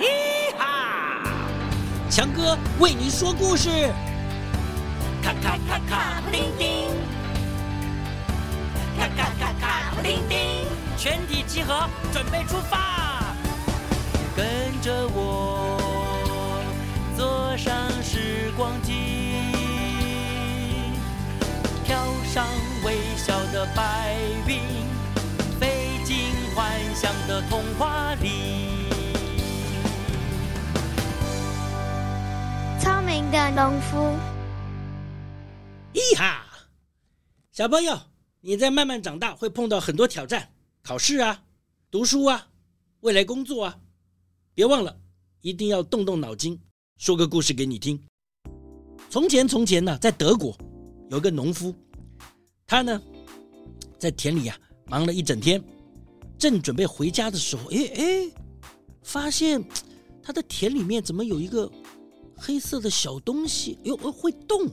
咿強哥為您說故事。咔咔咔咔，叮叮。咔咔咔咔，叮叮。全體集合，準備出發。跟着我，坐上時光機，飄上微笑的白。像的童話裡。聰明的農夫。一哈，小朋友，你在慢慢長大，會碰到很多挑戰，考試啊，讀書啊，未來工作啊，別忘了，一定要動動腦筋。說個故事給你聽。從前從前呢，在德國，有個農夫，他呢，在田裡呀、啊，忙了一整天。正準備回家的時候，哎、欸、哎、欸，發現他的田裡面怎麼有一個黑色的小東西？喲，會動！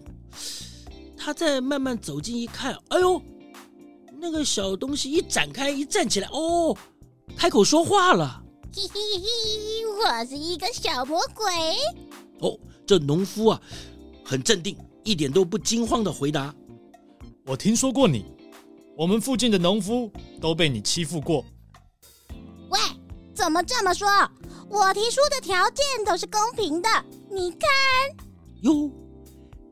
他在慢慢走近一看，哎呦，那個小東西一展開，一站起來，哦，開口說話了：“嘿嘿嘿，我是一個小魔鬼。”哦，這農夫啊，很鎮定，一點都不驚慌的回答：“我聽說過你。”我們附近的農夫都被你欺負過。喂，怎麼這麼說？我提出的條件都是公平的，你看。喲，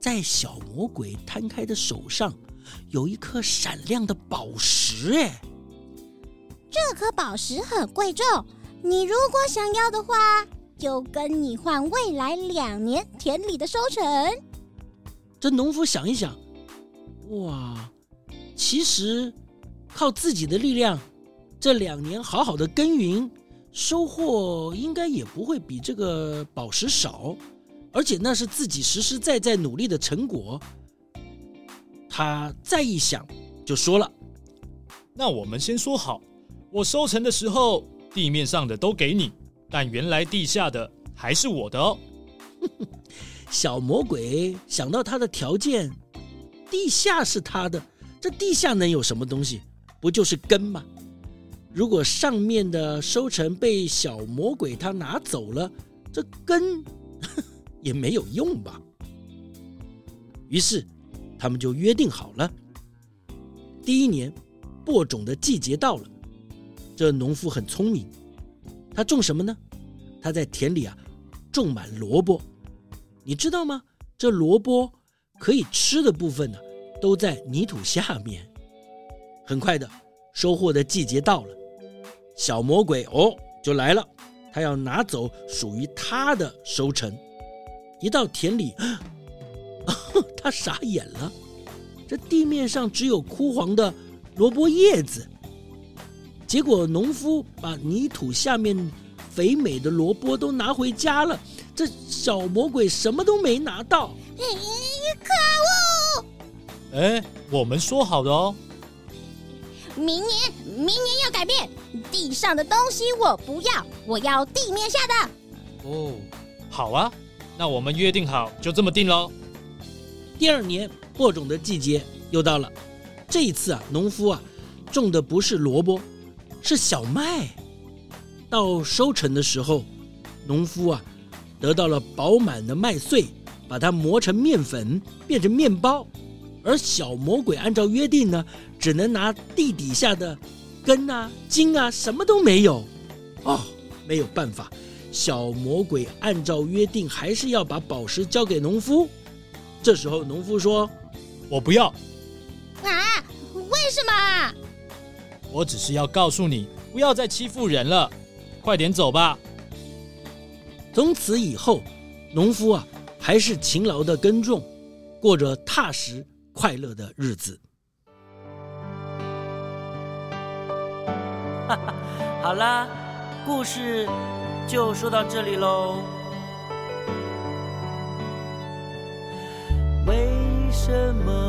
在小魔鬼攤開的手上有一顆閃亮的寶石。哎，這顆寶石很貴重，你如果想要的話，就跟你換未來兩年田裡的收成。這農夫想一想，哇。其實，靠自己的力量，這兩年好好的耕耘，收穫應該也不會比這個寶石少，而且那是自己實實在在努力的成果。他再一想，就說了：“那我們先說好，我收成的時候，地面上的都給你，但原來地下的還是我的哦。 ”小魔鬼想到他的條件，地下是他的。這地下能有什麼東西？不就是根嗎？如果上面的收成被小魔鬼他拿走了，這根也沒有用吧。於是，他們就約定好了。第一年，播種的季節到了，這農夫很聰明，他種什麼呢？他在田裡啊，種滿蘿蔔。你知道嗎？這蘿蔔可以吃的部分呢？啊？都在泥土下面。很快的，收穫的季節到了，小魔鬼哦就來了，他要拿走屬於他的收成。一到田裡，他傻眼了，這地面上只有枯黃的蘿蔔葉子。結果農夫把泥土下面肥美的蘿蔔都拿回家了，這小魔鬼什麼都沒拿到。咦，可惡！哎，我們說好的哦，明年，明年要改變地上的東西，我不要，我要地面下的。哦，好啊，那我們約定好，就這麼定嘍。第二年播種的季節又到了，這一次啊，農夫啊，種的不是蘿蔔，是小麥。到收成的時候，農夫啊，得到了飽滿的麥穗，把它磨成麵粉，變成麵包。而小魔鬼按照約定呢，只能拿地底下的根啊、莖啊，什麼都沒有。哦，沒有辦法，小魔鬼按照約定還是要把寶石交給農夫。這時候農夫說：“我不要。”啊？為什麼？我只是要告訴你，不要再欺負人了，快點走吧。從此以後，農夫啊還是勤勞的耕種，過着踏實，快樂的日子。哈哈， 好啦，故事就說到這裡嘍。為什麼？